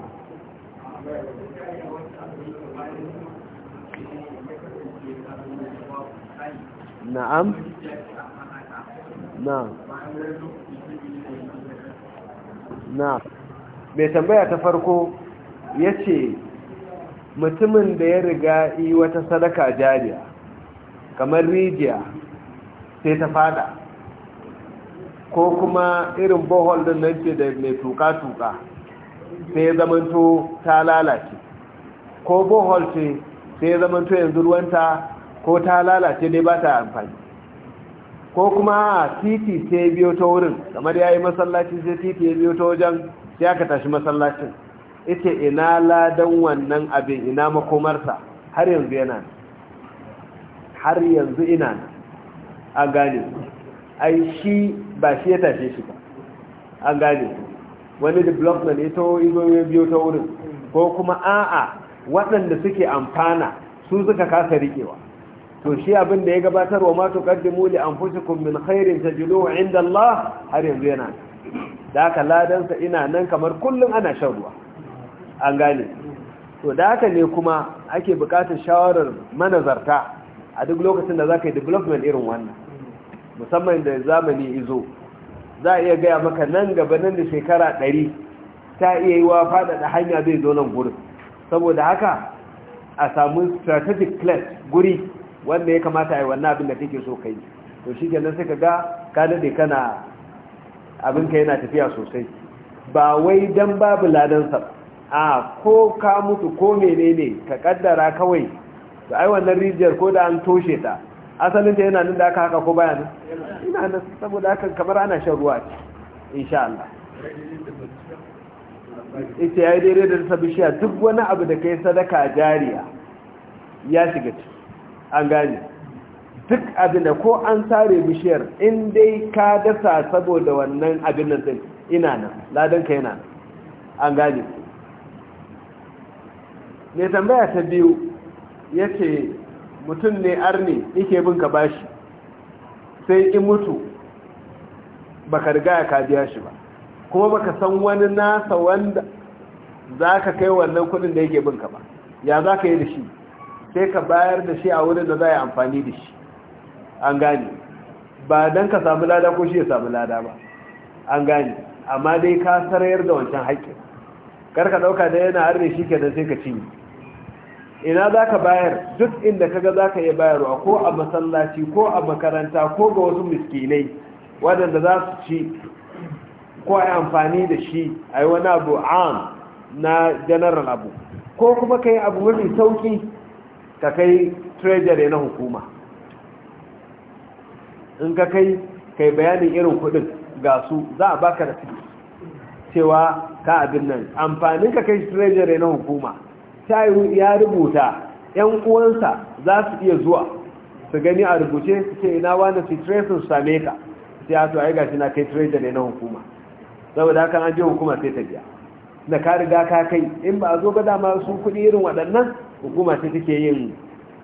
Speaker 2: نعم
Speaker 1: نعم نعم mai tambaya ta ya ce mutumin da ya riga yi wata sadaka jariya kamar rijiya sai ta fada ko kuma irin bohol din nan ce da mai tuka-tuka sai ya zamanto ta lalace ko bohol ce sai ya zamanto yanzu ruwanta ko ta lalace dai ba ta amfani ko kuma titi sai biyo ta wurin kamar ya yi masallaci sai titi ya biyo ta wajen ya ka tashi masallacin ita ina ladan wannan abin ina makomarsa har yanzu yana har yanzu ina an gane ai shi ba shi ya tashe shi ba an gane wani da development ita izoyin biyo ta wurin ko kuma a'a waɗanda suke amfana su suka kasa rikewa to shi abin da ya gabatar wa matu kaddimu li anfusikum min khairin tajiduhu inda Allah har yanzu yana da haka ladansa ina nan kamar kullum ana shan ruwa an gane to da haka ne kuma ake bukatar shawarar manazarta a duk lokacin da za ka yi development irin wannan musamman da zamani izo za a iya gaya maka nan gaba nan da shekara ɗari ta iya yi wa faɗaɗa hanya zai zo nan gurin saboda haka a samu strategic place guri wanda ya kamata a yi wannan abin da take so kai to shi kenan sai ka ga ka daɗe kana abinka yana tafiya sosai ba wai don babu ladansa ba a ko ka mutu ko menene ka kaddara kawai da ai wannan rijiyar ko da an toshe ta asalin ta yana nan da aka haka ko baya nan ina nan saboda haka kamar ana shan ruwa ce insha Allah ita yayi daidai da ta bishiya duk wani abu da kai sadaka jariya ya shiga ci an gane duk abin da ko an sare bishiyar in dai ka dasa saboda wannan abin nan din ina nan ladan ka yana an gane mai tambaya ta biyu ya ce mutum ne arni yake bin ka bashi sai in mutu ba ka riga ya biya shi ba kuma baka san wani nasa wanda za ka kai wannan kudin da yake bin ka ba ya za ka yi da shi sai ka bayar da shi a wurin da za a yi amfani da shi an gane ba don ka samu lada ko shi ya samu lada ba an gane amma dai ka sarayar da wancan haƙƙin karka ɗauka da yana arne shi kenan sai ka cinye ina za ka bayar duk inda kaga za ka iya bayarwa ko a masallaci ko a makaranta ko ga wasu miskinai waɗanda za su ci ko a amfani da shi a yi wani abu am na general abu ko kuma ka yi abu mafi sauki ka kai treasury na hukuma in ka kai kai bayanin irin kudin ga su za a baka da cewa ka abin nan amfanin ka kai treasury na hukuma ya rubuta ‘yan uwansa za su iya zuwa su gani a rubuce su ce ina wani su same ka sai a tuwa shi na kai trader ne na hukuma saboda kan an je hukuma sai ta biya da ka riga ka kai in ba a zo ba dama su kuɗi irin waɗannan hukuma sai take yin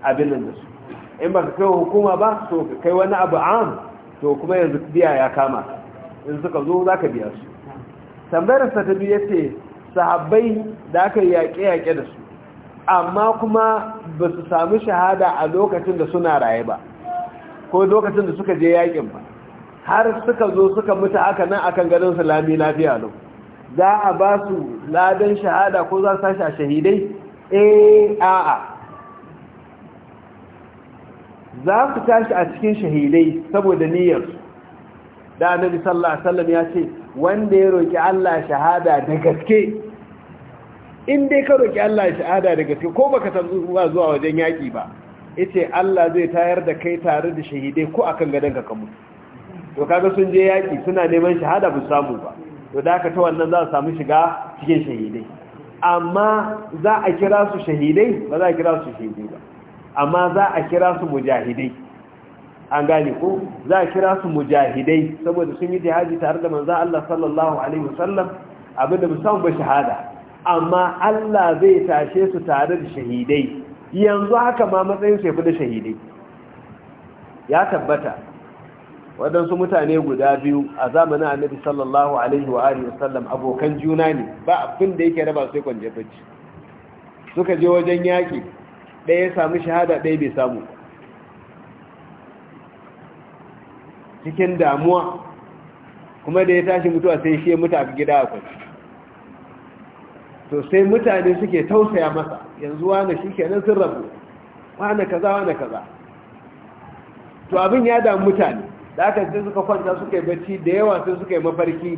Speaker 1: abin nan da su in ba ka kai hukuma ba to kai wani abu am to kuma yanzu biya ya kama in suka zo za ka biya su tambayar sa ta biyu ya ce sahabbai da aka yaƙe-yaƙe da su amma kuma ba su sami shahada a lokacin da suna raye ba ko lokacin da suka je yakin ba har suka zo suka mutu aka nan akan garin salami lafiya lau za a ba su ladan shahada ko za su tashi a shahidai eh a'a za su tashi a cikin shahidai saboda niyyarsu da annabi sallallahu alaihi wasallam ya ce wanda ya roki Allah shahada da gaske in dai ka roki Allah sha'ada da gaske ko baka san zuwa zuwa wajen yaki ba yace Allah zai tayar da kai tare da shahidai ko akan gadanka ka mutu to kaga sun je yaki suna neman shahada bu samu ba to da haka ta wannan za su samu shiga cikin shahidai amma za a kira su shahidai ba za a kira su shahidai ba amma za a kira su mujahidai an gane ko za a kira su mujahidai saboda sun yi jihadi tare da manzo Allah sallallahu alaihi wasallam abinda musamman ba shahada amma Allah zai tashe su tare da shahidai yanzu haka ma matsayin su ya da shahidai ya tabbata waɗansu mutane guda biyu a zamanin annabi sallallahu alaihi wa alihi wasallam abokan juna ne ba abin da yake raba sai kwanje bacci suka je wajen yaki, ɗaya ya samu shahada ɗaya bai samu cikin damuwa kuma da ya tashi mutuwa sai shi ya mutu a gida a kwanci to sai mutane suke tausaya masa yanzu wani shi kenan sun rabu wani kaza wani kaza to abin ya damu mutane da aka sai suka kwanta suka yi bacci da yawa sai suka yi mafarki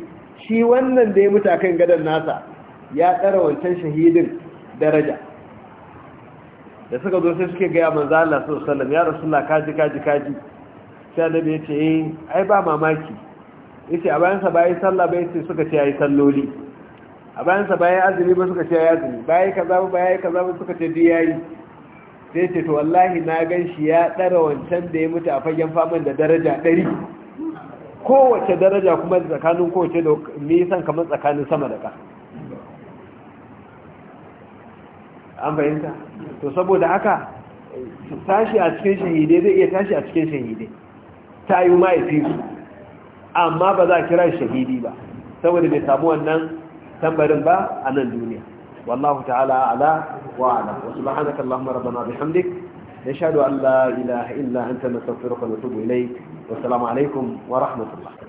Speaker 1: shi wannan da ya mutu akan gadon nasa ya tsara wancan shahidin daraja da suka zo sai suke gaya manzo Allah sallallahu alaihi wasallam ya rasulullah kaji kaji kaji sai annabi ya ce eh, ai ba mamaki yace a bayan sa bai sallah bai sai suka ce ai salloli a bayansa bayan azumi ba suka ce ya azumi bayan kaza ba bayan kaza ba suka ce duk yayi sai ce to wallahi na gan shi ya ɗara wancan da ya mutu a fagen faman da daraja ɗari kowace daraja kuma da tsakanin kowace da nisan kamar tsakanin sama da ka an fahimta to saboda haka tashi a cikin shahide zai iya tashi a cikin shahide ta yi ma fi amma ba za a kira shahidi ba saboda bai samu wannan tambarin ba a nan duniya wallahu ta'ala ala wa ala wa subhanaka allahumma rabbana bihamdik nashhadu an la ilaha illa anta nastaghfiruka wa natubu ilayk wa assalamu alaikum wa rahmatullah